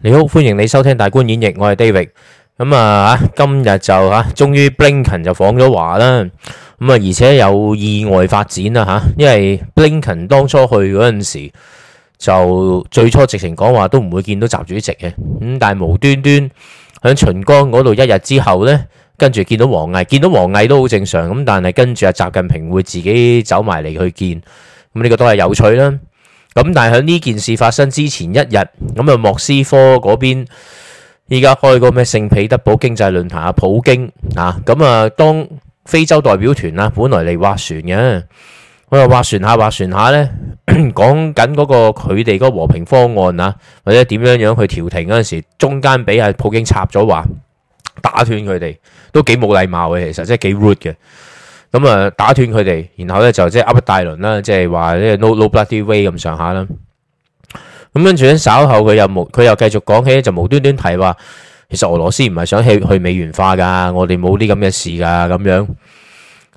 你好，歡迎你收聽大觀演繹，我係 David，咁啊今日就吓，終於 Blinken 就訪咗華啦，咁啊，而且有意外發展啦吓，因為 Blinken 當初去嗰陣時，就最初直情講話都唔會見到習主席嘅，咁但係無端端響秦江嗰度一日之後呢，跟住見到王毅，見到王毅都好正常，咁但係跟住阿習近平會自己走埋嚟去見，咁、這、呢個都係有趣啦。咁但係喺呢件事發生之前一日，咁啊莫斯科嗰邊依家開個咩聖彼得堡經濟論壇啊，普京啊，咁、嗯、啊當非洲代表團啊，本來嚟劃船嘅，佢又劃船下劃船下呢，講緊嗰個佢哋個和平方案啊，或者點樣樣去調停嗰陣時，中間俾阿普京插咗話，打斷佢哋都幾冇禮貌嘅，其實真係幾 rude 嘅。咁啊，打斷佢哋，然後咧就即係 up 大輪啦，即係話呢係 no no bloody way 咁上下啦。咁跟住咧，稍後佢又無佢又繼續講起，就無端端提話，其實俄羅斯唔係想去去美元化噶，我哋冇啲咁嘅事噶咁樣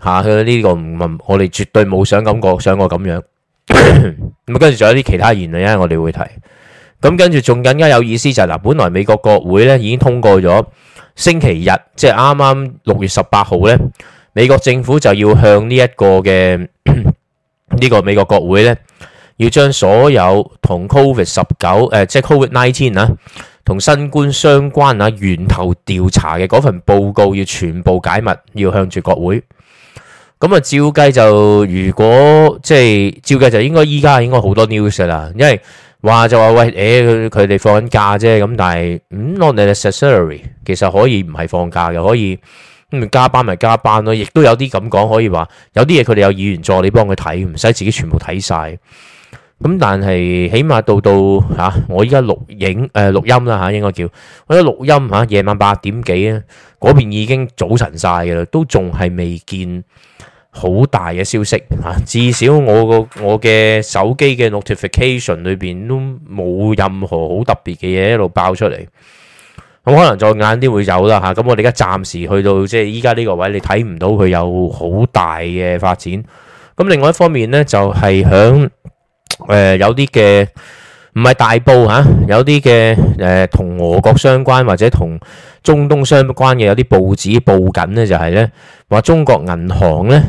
吓。佢、啊、呢、這個唔我哋絕對冇想咁覺想過咁樣咁。跟住仲有啲其他言論，我哋會提。咁跟住仲更加有意思就係、是、嗱，本來美國國會咧已經通過咗星期日，即係啱啱六月十八號咧。美國政府就要向呢一個嘅呢、 呢個美國國會咧，要將所有同 Covid 十九誒、呃，即係 Covid nineteen 啊，同新冠相關啊源頭調查嘅嗰份報告要全部解密，要向住國會。咁啊，照計就如果即係照計就應該依家應該好多 news 啦，因為話就話喂，誒佢哋放緊假啫，咁但係嗯，not necessary 其實可以唔係放假嘅，可以。加班咪加班咯，亦都有啲咁講，可以話有啲嘢佢哋有議員助理幫佢睇，唔使自己全部睇晒。咁但係起碼到到嚇、啊，我依家錄影誒、呃、錄音啦嚇，應該叫我依家錄音嚇、啊，夜晚八點幾啊，嗰邊已經早晨晒嘅啦，都仲係未見好大嘅消息嚇、啊。至少我個我嘅手機嘅 notification 裏邊都冇任何好特別嘅嘢一路爆出嚟。咁可能再晏啲會走啦吓，咁、啊、我哋而家暫時去到即係依家呢個位，你睇唔到佢有好大嘅發展。咁另外一方面咧，就係響誒有啲嘅唔係大報吓、啊，有啲嘅誒同俄國相關或者同中東相關嘅有啲報紙報緊咧，就係咧話中國銀行咧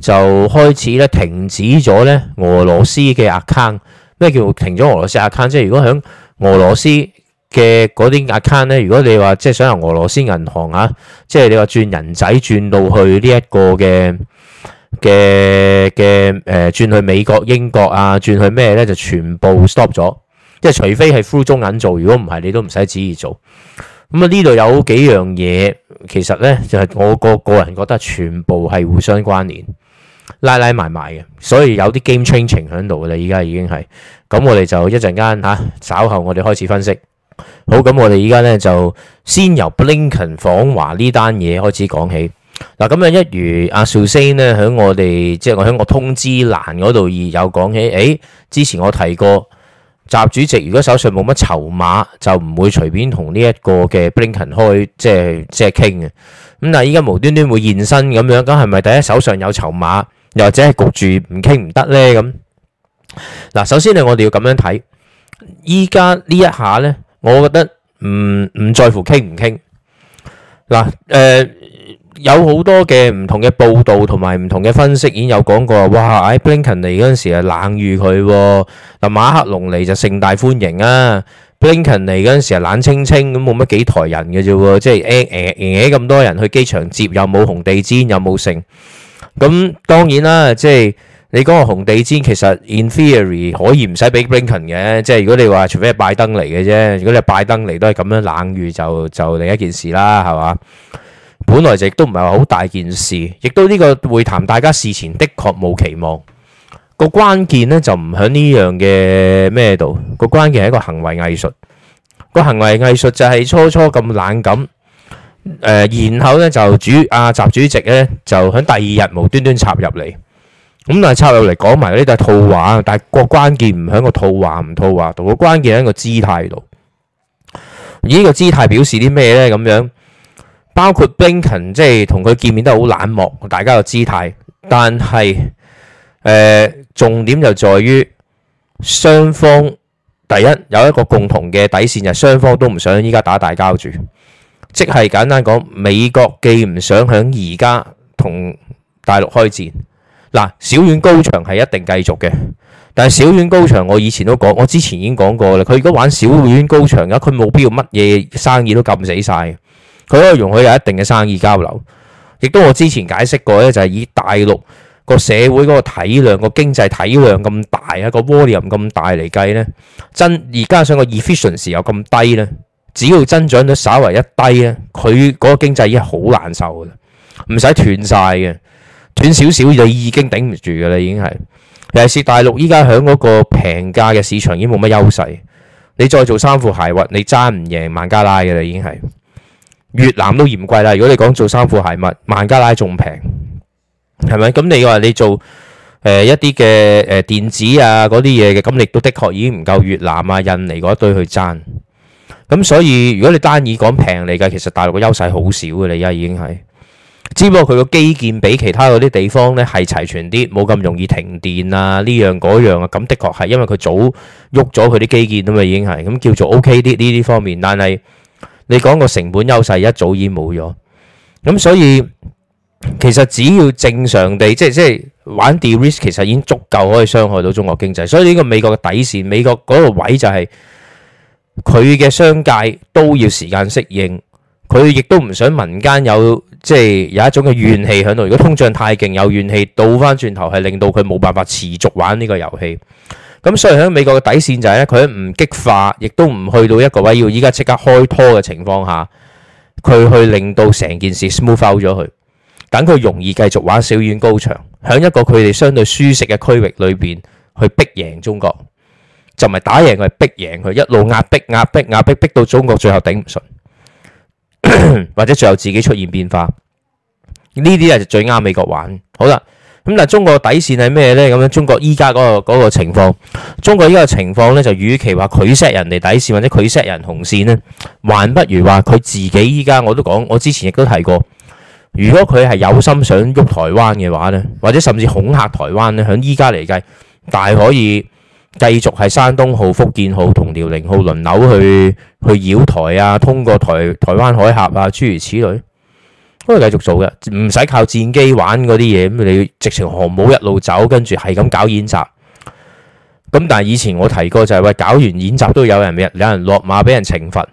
就開始咧停止咗咧俄羅斯嘅 account。咩叫停咗俄羅斯 account？即係如果響俄羅斯。嘅嗰啲 account 咧，如果你話即係想由俄羅斯銀行嚇、啊，即係你話轉人仔轉到去呢一個嘅嘅嘅誒，轉去、呃、美國、英國啊，轉去咩咧，就全部 stop 咗。即係除非係 full 中銀做，如果唔係，你都唔使旨意做。咁、嗯、啊，呢度有幾樣嘢，其實咧就係、是、我個個人覺得全部係互相關聯、拉拉埋埋嘅，所以有啲 game changing 喺度噶啦，依家已經係。咁、嗯、我哋就一陣間嚇，稍後我哋開始分析。好咁，我哋依家咧就先由 Blinken 訪華呢單嘢開始講起嗱。咁啊，樣一如阿 Susan 咧響我哋即係我響我通知欄嗰度已有講起誒、欸。之前我提過習主席如果手上冇乜籌碼，就唔會隨便同呢一個嘅 Blinken 開即係即係傾嘅咁。但係依家無端端會現身咁樣，咁係咪第一手上有籌碼，又或者係焗住唔傾唔得咧？咁嗱，首先咧，我哋要咁樣睇依家呢一下咧。我覺得唔唔、嗯、在乎傾唔傾嗱，誒、呃、有好多嘅唔同嘅報道同埋唔同嘅分析，已經有講過話，哇！喺、哎、布林肯嚟嗰陣時係冷遇佢、啊，嗱馬克龍嚟就盛大歡迎啊，b l 布林肯嚟嗰陣時係冷清清咁，冇乜幾台人嘅啫喎，即係誒誒咁多人去機場接，又冇紅地毯，又冇剩？咁當然啦，即係。你講個紅地氈，其實 in theory 可以唔使俾 Blinken 嘅，即係如果你話除非係拜登嚟嘅啫，如果你係拜登嚟都係咁樣冷遇就就另一件事啦，係嘛？本來亦都唔係話好大件事，亦都呢個會談大家事前的確冇期望，個關鍵呢就唔響呢樣嘅咩度，個關鍵係一個行為藝術，個行為藝術就係初初咁冷感，誒、呃，然後呢就主阿、啊、習主席呢就喺第二日無端端插入嚟。咁但係策略嚟講，埋呢啲都係套話，但係個關鍵唔喺個套話，唔套話度，個關鍵喺個姿態度。以呢、這個姿態表示啲咩呢？咁樣包括冰勤 in, 即係同佢見面都好冷漠，大家個姿態。但係誒、呃、重點就在於雙方第一有一個共同嘅底線，就係雙方都唔想依家打大交住，即係簡單講，美國既唔想響而家同大陸開戰。嗱，小院高牆係一定繼續嘅，但係小院高牆我以前都講，我之前已經講過啦。佢如果玩小院高牆嘅，佢冇必要乜嘢生意都撳死晒，佢可以容許有一定嘅生意交流。亦都我之前解釋過咧，就係以大陸個社會嗰個體量、個經濟體量咁大啊，個 volume 咁大嚟計咧，增而加上個 efficiency 又咁低咧，只要增長得稍為一低咧，佢嗰個經濟已經好難受噶啦，唔使斷晒嘅。短少少就已經頂唔住噶啦，已經係，尤其是大陸依家響嗰個平價嘅市場已經冇乜優勢，你再做衫褲鞋襪，你爭唔贏孟加拉噶啦，已經係越南都嫌貴啦。如果你講做衫褲鞋襪，孟加拉仲平，係咪？咁你話你做誒、呃、一啲嘅誒電子啊嗰啲嘢，嘅，咁亦都的確已經唔夠越南啊印尼嗰一堆去爭。咁所以如果你單以講平嚟嘅，其實大陸嘅優勢好少嘅，你而家已經係。，只不過佢個基建比其他嗰啲地方咧，係齊全啲，冇咁容易停電啊呢樣嗰樣啊，咁的確係因為佢早喐咗佢啲基建啊嘛，已經係咁叫做 OK 佢亦都唔想民間有即係有一種嘅怨氣響度。如果通脹太勁，有怨氣倒返轉頭係令到佢冇辦法持續玩呢個遊戲。咁所以喺美國嘅底線就係咧，佢唔激化，亦都唔去到一個位要依家即刻開拖嘅情況下，佢去令到成件事 smooth out 咗佢，等佢容易繼續玩小院高牆，喺一個佢哋相對舒適嘅區域裏邊去逼贏中國，就唔係打贏佢，逼贏佢一路壓逼壓逼壓逼逼到中國最後頂唔順。或者最後自己出現變化，呢啲係最啱美國玩好啦。咁但中國底線係咩呢？咁樣中國依家嗰個個情況，中國依家，嗰個嗰個，情況呢，就與其話佢塞人哋底線或者佢塞人紅線呢，還不如話佢自己依家我都講，我之前亦都提過，如果佢係有心想喐台灣嘅話呢，或者甚至恐嚇台灣呢，響依家嚟計大可以。繼續係山東號、福建號同遼寧號輪流去去繞台啊，通過台台灣海峽啊，諸如此類，都係繼續做嘅，唔使靠戰機玩嗰啲嘢，咁你直情航母一路走，跟住係咁搞演習。咁但係以前我提過就係、是、喂，搞完演習都有人有人落馬俾人懲罰，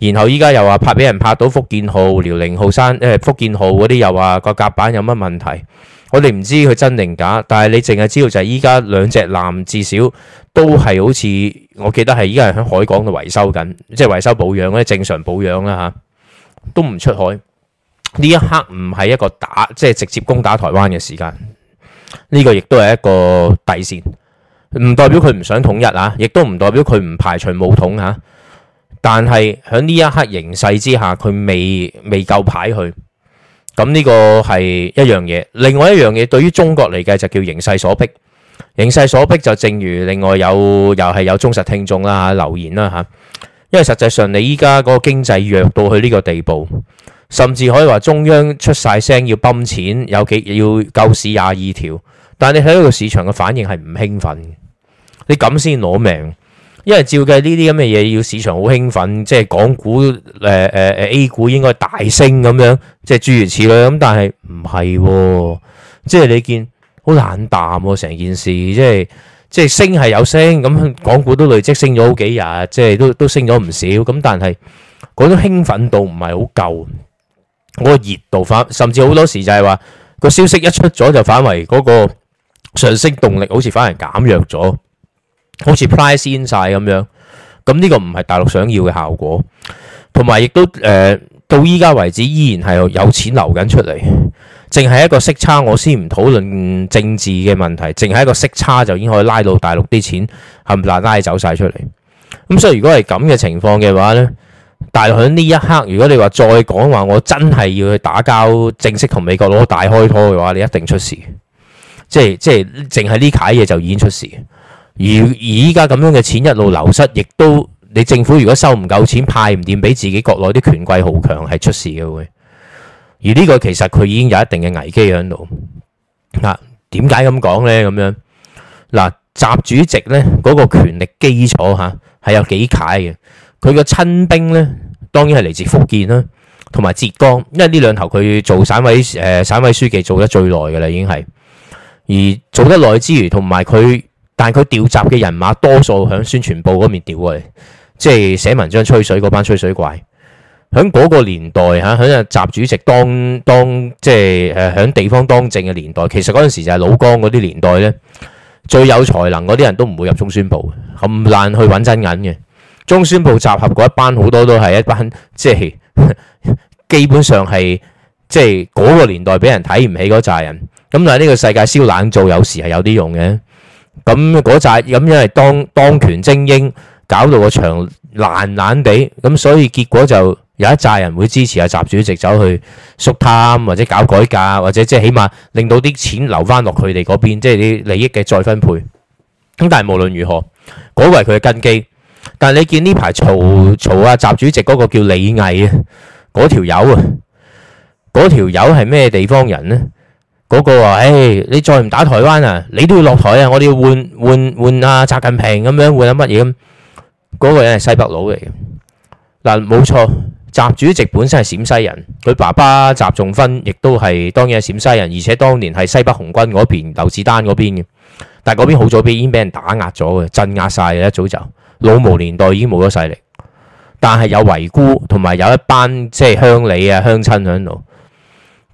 然後依家又話拍俾人拍到福建號、遼寧號山、山誒福建號嗰啲又話個甲板有乜問題。我哋唔知佢真定假，但係你淨係知道就係依家兩隻艦至少都係好似，我記得係依家係喺海港度維修緊，即係維修保養咧，正常保養啦吓，都唔出海。呢一刻唔係一個打，即係直接攻打台灣嘅時間。呢個亦都係一個底線，唔代表佢唔想統一啊，亦都唔代表佢唔排除武統嚇。但係喺呢一刻形勢之下，佢未未夠牌去。咁呢個係一樣嘢。另外一樣嘢對於中國嚟計就叫形勢所逼，形勢所逼就正如另外有又係有忠實聽眾啦留言啦嚇，因為實際上你依家嗰個經濟弱到去呢個地步，甚至可以話中央出晒聲要泵錢，有幾要救市廿二條，但係你睇呢個市場嘅反應係唔興奮，你咁先攞命。因為照計呢啲咁嘅嘢要市場好興奮，即係港股誒誒誒 A 股應該大升咁樣，即係諸如此類咁，但係唔係，即係你見好冷淡喎、啊、成件事，即係即係升係有升，咁港股都累積升咗好幾日，即係都都升咗唔少，咁但係嗰種興奮度唔係好夠，嗰、嗰個熱度反，甚至好多時就係話個消息一出咗就反為嗰個上升動力好似反而減弱咗。好似 price in 晒咁樣，咁呢個唔係大陸想要嘅效果，同埋亦都誒、呃、到依家為止依然係有錢流緊出嚟，淨係一個息差，我先唔討論政治嘅問題，淨係一個息差就已經可以拉到大陸啲錢冚唪唥拉走晒出嚟。咁所以如果係咁嘅情況嘅話呢，大陸喺呢一刻，如果你話再講話我真係要去打交，正式同美國佬大開拖嘅話，你一定出事，即係即係淨係呢啲嘢就已經出事。而而家咁樣嘅錢一路流失，亦都你政府如果收唔夠錢，派唔掂俾自己國內啲權貴豪強，係出事嘅會。而呢個其實佢已經有一定嘅危機喺度。嗱、啊，點解咁講呢？咁樣嗱，習、啊、主席呢嗰、嗰個權力基礎吓係有幾階嘅。佢個親兵呢，當然係嚟自福建啦，同埋浙江，因為呢兩頭佢做省委誒、呃、省委書記做得最耐嘅啦，已經係。而做得耐之餘，同埋佢。但佢調集嘅人馬，多數喺宣傳部嗰邊調過嚟，即係寫文章吹水嗰班吹水怪。喺嗰個年代嚇，喺啊習主席當當，即係誒喺地方當政嘅年代，其實嗰陣時就係老江嗰啲年代咧，最有才能嗰啲人都唔會入中宣部，冚爛去揾真銀嘅。中宣部集合嗰一班，好多都係一班，即係 基本上係即係嗰個年代俾人睇唔起嗰扎人。咁但係呢個世界燒冷灶，有時係有啲用嘅。咁嗰扎咁因為當當權精英搞到個場爛爛地，咁所以結果就有一紮人會支持阿習主席走去肅貪，或者搞改革，或者即係起碼令到啲錢留翻落佢哋嗰邊，即係啲利益嘅再分配。咁但係無論如何，嗰為佢嘅根基。但係你見呢排嘈嘈，阿習主席嗰個叫李毅啊，嗰條友啊，嗰條友係咩地方人呢？嗰個話，唉、欸，你再唔打台灣啊，你都要落台啊！我哋要換換換啊，習近平咁樣換、那個、啊，乜嘢咁？嗰個人係西北佬嚟嘅，嗱，冇錯，習主席本身係陝西人，佢爸爸習仲勛亦都係當然係陝西人，而且當年係西北紅軍嗰邊，劉志丹嗰邊嘅。但係嗰邊好早已經俾人打壓咗嘅，鎮壓晒嘅，一早就老毛年代已經冇咗勢力，但係有遺孤同埋有，有一班即係鄉里啊鄉親喺度。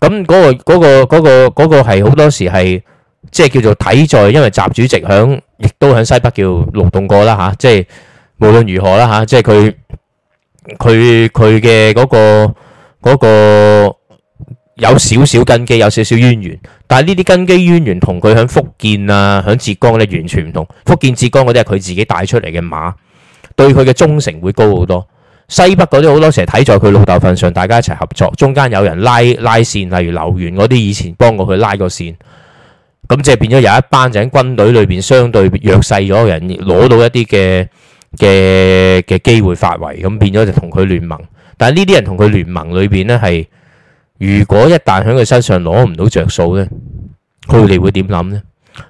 咁嗰個嗰個嗰個嗰個係好多時係即係叫做睇在，因為習主席響亦都響西北叫勞動過啦吓，即係無論如何啦吓，即係佢佢佢嘅嗰個嗰個有少少根基，有少少淵源。但係呢啲根基淵源同佢響福建啊、響浙江咧完全唔同。福建浙江嗰啲係佢自己帶出嚟嘅馬，對佢嘅忠誠會高好多。西北嗰啲好多成日睇在佢老豆份上，大家一齊合作，中間有人拉拉線，例如劉元嗰啲以前幫過佢拉個線，咁即係變咗有一班就喺軍隊裏邊相對弱勢咗嘅人攞到一啲嘅嘅嘅機會發圍，咁變咗就同佢聯盟。但係呢啲人同佢聯盟裏邊呢，係，如果一旦喺佢身上攞唔到着數呢，佢哋會點諗呢？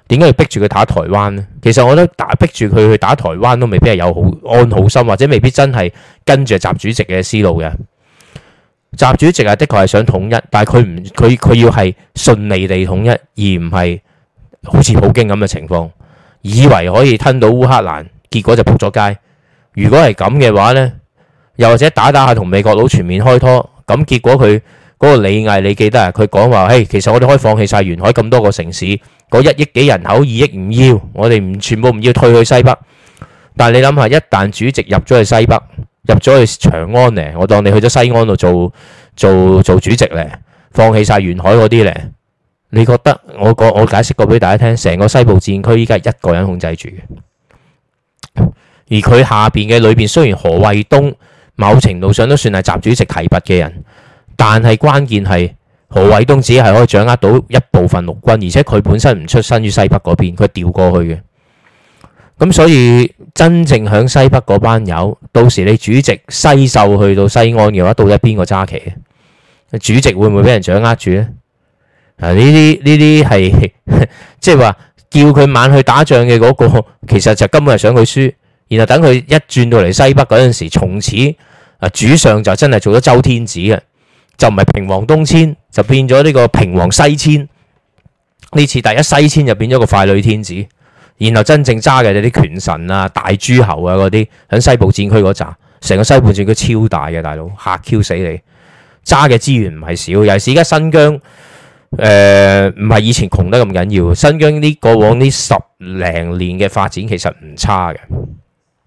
點解要逼住佢打台灣呢？其實我覺得打逼住佢去打台灣都未必係有好安好心，或者未必真係跟住習主席嘅思路嘅。習主席啊，的確係想統一，但係佢唔佢佢要係順利地統一，而唔係好似普京咁嘅情況，以為可以吞到烏克蘭，結果就仆咗街。如果係咁嘅話呢，又或者打打下同美國佬全面開拖，咁結果佢。嗰個李毅，你記得啊？佢講話，誒，其實我哋可以放棄晒沿海咁多個城市，嗰一億幾人口二億唔要，我哋唔全部唔要，退去西北。但係你諗下，一旦主席入咗去西北，入咗去長安呢，我當你去咗西安度做做做主席呢，放棄晒沿海嗰啲呢。你覺得我，我解釋過俾大家聽，成個西部戰區依家係一個人控制住嘅，而佢下邊嘅裏邊雖然何衛東某程度上都算係習主席提拔嘅人。但係關鍵係何衛東只係可以掌握到一部分陸軍，而且佢本身唔出身於西北嗰邊，佢係調過去嘅。咁所以真正響西北嗰班友，到時你主席西秀去到西安嘅話，到底邊個揸旗嘅？主席會唔會俾人掌握住呢？啊，呢啲呢啲係即係話叫佢晚去打仗嘅嗰個，其實就根本係想佢輸，然後等佢一轉到嚟西北嗰陣時，從此啊主上就真係做咗周天子嘅。就唔係平王東遷，就變咗呢個平王西遷。呢次第一西遷就變咗個傀儡天子，然後真正揸嘅就啲權臣啊、大諸侯啊嗰啲，喺西部戰區嗰扎，成個西部戰區超大嘅大佬吓 Q 死你，揸嘅資源唔係少。尤其是而家新疆，誒，唔係以前窮得咁緊要，新疆呢過往呢十零年嘅發展其實唔差嘅，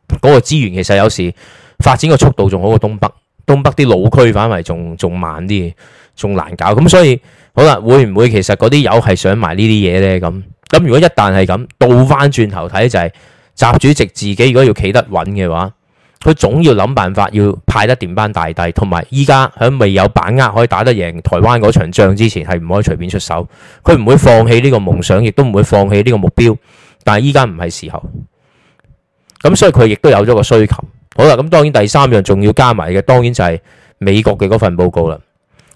嗰、那個資源其實有時發展嘅速度仲好過東北。東北啲老區反為仲仲慢啲，仲難搞，咁所以好啦，會唔會其實嗰啲友係想埋呢啲嘢呢？咁咁如果一旦係咁，倒翻轉頭睇就係、是、習主席自己如果要企得穩嘅話，佢總要諗辦法要派得掂班大帝，同埋依家喺未有把握可以打得贏台灣嗰場仗之前，係唔可以隨便出手。佢唔會放棄呢個夢想，亦都唔會放棄呢個目標，但係依家唔係時候。咁所以佢亦都有咗個需求。好啦，咁當然第三樣仲要加埋嘅，當然就係美國嘅嗰份報告啦。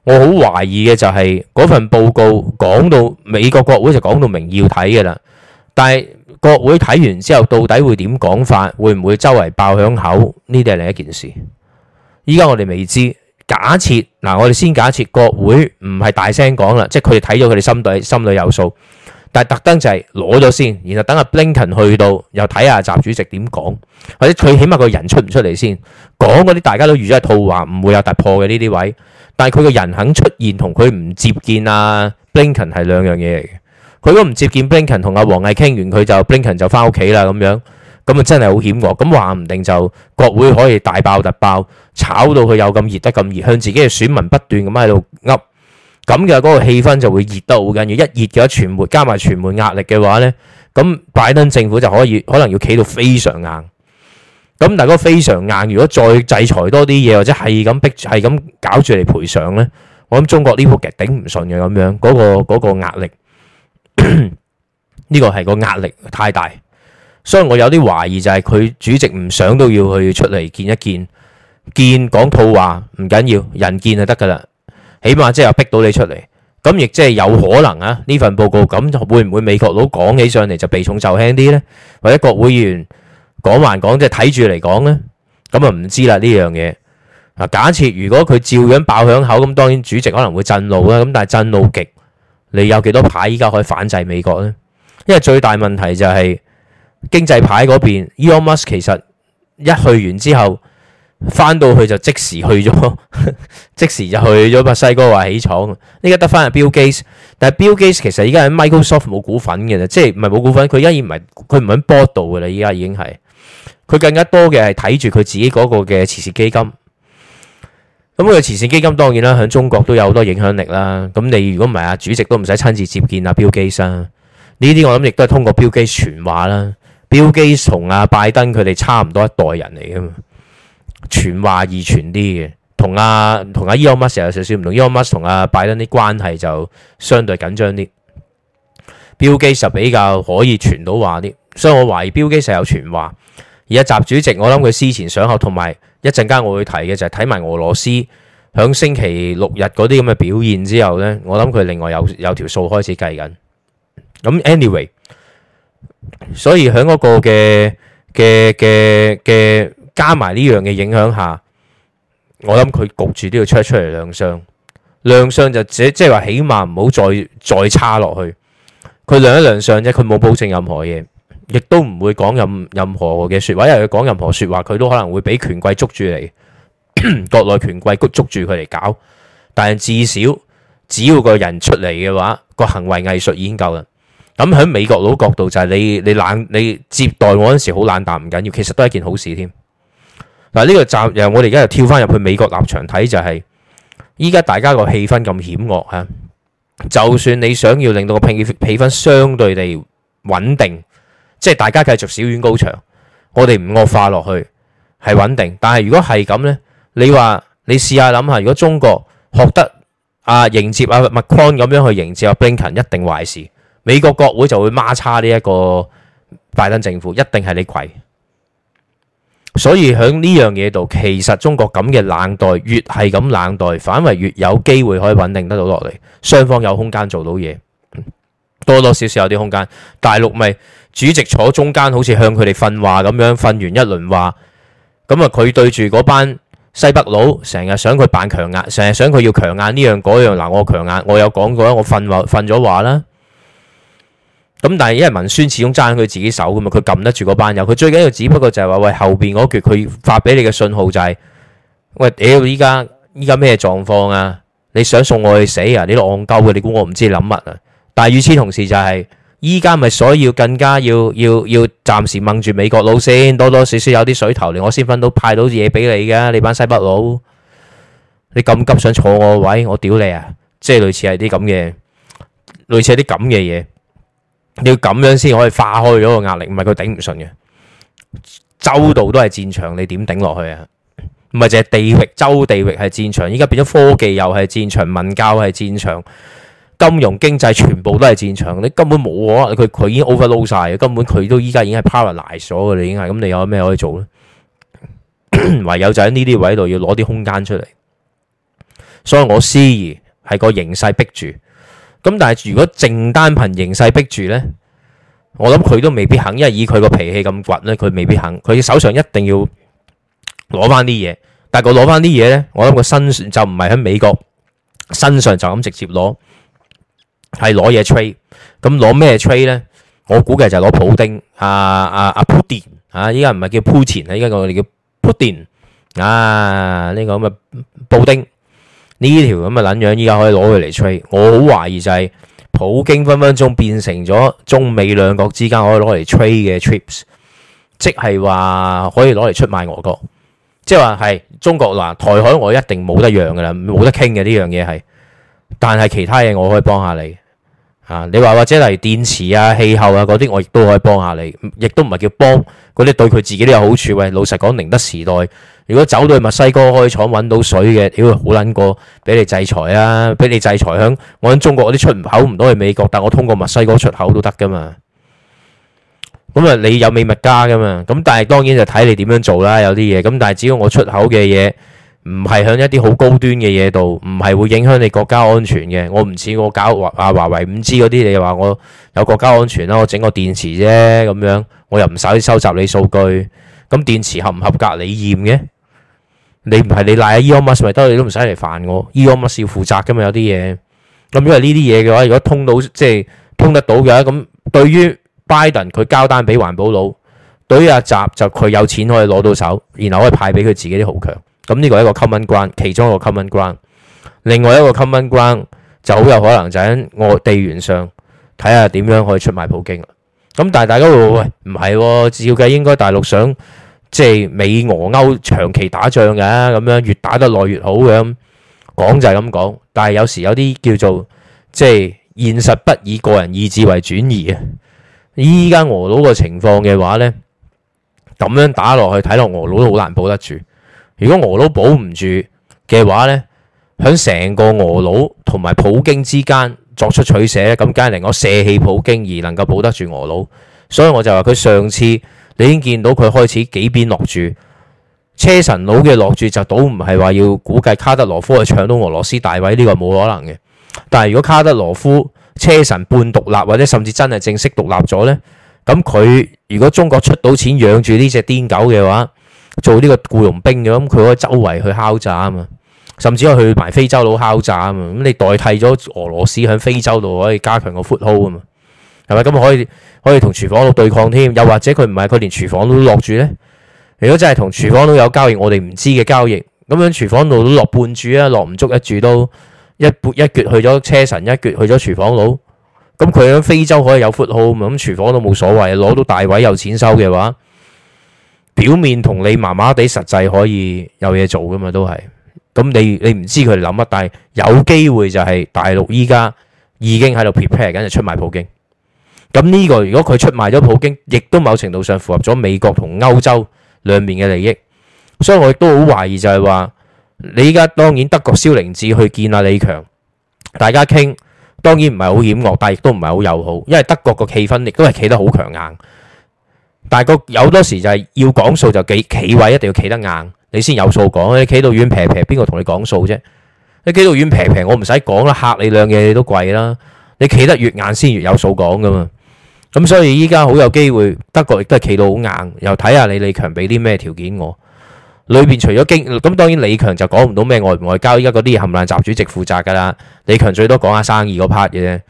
我好懷疑嘅就係嗰份報告講到美國國會就講到明要睇嘅啦，但係國會睇完之後到底會點講法，會唔會周圍爆響口呢啲係另一件事。依家我哋未知，假設嗱，我哋先假設國會唔係大聲講啦，即係佢哋睇咗，佢哋心底心裏有數。但係特登就係攞咗先，然後等阿 Blinken 去到，又睇下習主席點講，或者佢起碼個人出唔出嚟先，講嗰啲大家都預咗係套話，唔會有突破嘅呢啲位。但係佢個人肯出現同佢唔接見啊 Blinken 係兩樣嘢嚟嘅。佢如果唔接見 Blinken，同阿王毅傾完佢就 Blinken 就返屋企啦咁樣，咁啊真係好險惡。咁話唔定就國會可以大爆特爆，炒到佢有咁熱得咁熱，向自己嘅選民不斷咁喺度噏。咁嘅嗰個氣氛就會熱得好緊要，一熱嘅話傳媒加埋傳媒壓力嘅話咧，咁拜登政府就可以可能要企到非常硬。咁但係個非常硬，如果再制裁多啲嘢，或者係咁逼係咁搞住嚟賠償咧，我諗中國呢部劇頂唔順嘅咁樣，嗰個嗰個壓力呢個係個壓力太大，所以我有啲懷疑就係佢主席唔想都要去出嚟見一見，見講套話唔緊要，人見就得㗎啦。起碼即係逼到你出嚟，咁亦即係有可能啊！呢份報告咁會唔會美國佬講起上嚟就避重就輕啲呢？或者國會議員講還講即係睇住嚟講呢？咁啊唔知啦呢樣嘢。嗱，假設如果佢照樣爆響口，咁當然主席可能會震怒啦。咁但係震怒極，你有幾多牌依家可以反制美國呢？因為最大問題就係、是、經濟牌嗰邊，Elon Musk 其實一去完之後。翻到去就即時去咗， 即時就去咗。墨西哥話起廠，呢家得翻阿 Bill Gates，但係 Bill Gates 其實依家喺 Microsoft 冇股份嘅，即係唔係冇股份，佢當然唔係，佢唔喺波度噶啦。依家已經係佢更加多嘅係睇住佢自己嗰個嘅慈善基金。咁佢慈善基金當然啦，喺中國都有好多影響力啦。咁你如果唔係阿主席都唔使親自接見阿 Bill Gates 啦。呢啲，我諗亦都係通過 Bill Gates 傳話啦。Bill Gates 同阿拜登佢哋差唔多一代人嚟噶嘛。傳話易傳啲嘅，同阿同阿伊奧馬斯有少少唔同，伊奧馬斯同阿拜登啲關係就相對緊張啲，標基實比較可以傳到話啲，所以我懷疑標基實有傳話。而家習主席，我諗佢思前想後，同埋一陣間我會提嘅就係睇埋俄羅斯響星期六日嗰啲咁嘅表現之後呢，我諗佢另外有有條數開始計緊。咁 anyway，所以響嗰個嘅嘅嘅嘅。加埋呢樣嘅影響下，我諗佢焗住都要出出嚟亮相。亮相就即係話，起碼唔好再再差落去。佢亮一亮相啫，佢冇保證任何嘢，亦都唔會講任任何嘅説話。因為佢講任何説話，佢都可能會俾權貴捉住嚟， 國內權貴捉住佢嚟搞。但係至少只要個人出嚟嘅話，個行為藝術已經夠啦。咁喺美國佬角度就係，你你冷你接待我嗰陣時好冷淡，唔緊要，其實都係一件好事添。嗱，呢個集又我哋而家又跳翻入去美國立場睇、就是，就係依家大家個氣氛咁險惡嚇，就算你想要令到個拼氣氛相對地穩定，即係大家繼續小院高牆，我哋唔惡化落去係穩定。但係如果係咁呢，你話你試下諗下，如果中國學得啊迎接啊麥康咁樣去迎接阿 b 啊 k 林 n 一定壞事。美國國會就會孖叉呢一個拜登政府，一定係你攰。所以喺呢樣嘢度，其實中國咁嘅冷待，越係咁冷待，反而越有機會可以穩定得到落嚟，雙方有空間做到嘢，多多少少有啲空間。大陸咪主席坐中間，好似向佢哋訓話咁樣訓完一輪話，咁啊佢對住嗰班西北佬成日想佢扮強硬，成日想佢要強硬呢樣嗰樣嗱，我強硬，我有講過，我訓話訓咗話啦。咁，但係因為文宣始終揸佢自己手㗎嘛。佢撳得住個班友。佢最緊要只不過就係話喂後邊嗰一佢發俾你嘅信號就係、是、喂，屌依家依家咩狀況啊？你想送我去死啊？你戇鳩嘅，你估我唔知諗乜啊？但係與此同時就係依家咪所以要更加要要要暫時掹住美國佬先，多多少少有啲水頭嚟，我先分到派到嘢俾你噶、啊。你班西北佬，你咁急想坐我位，我屌你啊！即係類似係啲咁嘅，類似係啲咁嘅嘢。你要咁樣先可以化開咗個壓力，唔係佢頂唔順嘅。周道都係戰場，你點頂落去啊？唔係淨係地域，周地域係戰場，依家變咗科技又係戰場，文教又係戰場，金融經濟全部都係戰場。你根本冇可能，佢佢已經 overload 晒，根本佢都依家已經係 powerline 所。嘅，已經係。咁你有咩可以做咧？ 唯有就喺呢啲位度要攞啲空間出嚟。所以我思疑係個形勢逼住。咁但係如果淨單憑形勢逼住咧，我諗佢都未必肯，因為以佢個脾氣咁倔咧，佢未必肯。佢手上一定要攞翻啲嘢，但係佢攞翻啲嘢咧，我諗佢身,身上就唔係喺美國身上就咁直接攞，係攞嘢吹。咁攞咩吹咧？我估計就係攞普丁，啊啊啊普丁啊！依家唔係叫 Putin 啊，依家我哋叫 Putin 啊，呢、啊這個咁嘅布丁。呢條咁嘅撚樣，依家可以攞佢嚟 trade。我好懷疑就係普京分分鐘變成咗中美兩國之間可以攞嚟 trade 嘅 trips，即係話可以攞嚟出賣俄國，即係話係中國。嗱，台海我一定冇得讓嘅啦，冇得傾嘅呢樣嘢係，但係其他嘢我可以幫下你。啊！你話或者例如電池啊、氣候啊嗰啲，我亦都可以幫下你，亦都唔係叫幫。嗰啲對佢自己都有好處。喂，老實講，寧德時代如果走到去墨西哥開廠揾到水嘅，屌好撚過俾你制裁啊！俾你制裁響我響中國嗰啲出口唔到去美國，但我通過墨西哥出口都得㗎嘛。咁啊，你有美墨加㗎嘛？咁但係當然就睇你點樣做啦。有啲嘢咁，但係只要我出口嘅嘢。唔係喺一啲好高端嘅嘢度，唔係會影響你國家安全嘅。我唔似我搞華華為五 G 嗰啲，你話我有國家安全啦。我整個電池啫咁樣，我又唔使收集你數據。咁電池合唔合格你，你驗嘅、e。你唔係你賴阿 Elon Musk 咪得，你都唔使嚟煩我。Elon Musk 要負責噶嘛，有啲嘢咁。因為呢啲嘢嘅話，如果通到即係通得到嘅咁，對於拜登佢交單俾環保佬，對於阿習就佢有錢可以攞到手，然後可以派俾佢自己啲豪強。咁呢個係一個 common ground，其中一個 common ground，另外一個 common ground 就好有可能就喺我地緣上睇下點樣可以出賣普京啦。咁但係大家會唔係、哦，照計應該大陸想即係美俄歐長期打仗嘅咁樣，越打得耐越好嘅咁講就係咁講。但係有時有啲叫做即係現實不以個人意志為轉移啊。依家俄佬個情況嘅話呢，咁樣打落去睇落，俄佬都好難保得住。如果俄佬保唔住嘅話呢，喺成個俄佬同埋普京之間作出取捨咧，咁梗係令我捨棄普京而能夠保得住俄佬。所以我就話佢上次你已經見到佢開始幾邊落注，車臣佬嘅落注就倒唔係話要估計卡德羅夫去搶到俄羅斯大位呢，這個冇可能嘅。但係如果卡德羅夫車臣半獨立或者甚至真係正式獨立咗呢，咁佢如果中國出到錢養住呢隻癲狗嘅話，做呢個僱傭兵嘅咁，佢可以周圍去敲詐啊嘛，甚至可以去埋非洲佬敲詐啊嘛。咁你代替咗俄羅斯喺非洲度可以加強個闊號啊嘛，係咪？咁可以可以同廚房度對抗添，又或者佢唔係佢連廚房都落住咧？如果真係同廚房度有交易，我哋唔知嘅交易，咁樣廚房度落半注啊，落唔足一注都一撥一決去咗車神，一決去咗廚房佬。咁佢喺非洲可以有闊號啊嘛，咁廚房都冇所謂，攞到大位有錢收嘅話。表面同你麻麻地，實際可以有嘢做噶嘛？都係咁，你你唔知佢諗乜，但係有機會就係大陸依家已經喺度 prepare 緊，就出賣普京。咁呢個如果佢出賣咗普京，亦都某程度上符合咗美國同歐洲兩面嘅利益。所以我亦都好懷疑就係話，你依家當然德國蕭靈志去見阿李強，大家傾當然唔係好險惡，但亦都唔係好友好，因為德國個氣氛亦都係企得好強硬。但係個有多時就係要講數，就企企位，一定要企得硬，你先有數講。你企到遠平平，邊個同你講數啫？你企到遠平平，我唔使講啦，吓你兩嘢你都貴啦。你企得越硬，先越有數講噶嘛。咁所以依家好有機會，德國亦都係企到好硬。又睇下你李強俾啲咩條件我。裏邊除咗經，咁當然李強就講唔到咩外外交。依家嗰啲冚爛習主席負責噶啦。李強最多講下生意嗰 part 嘅啫。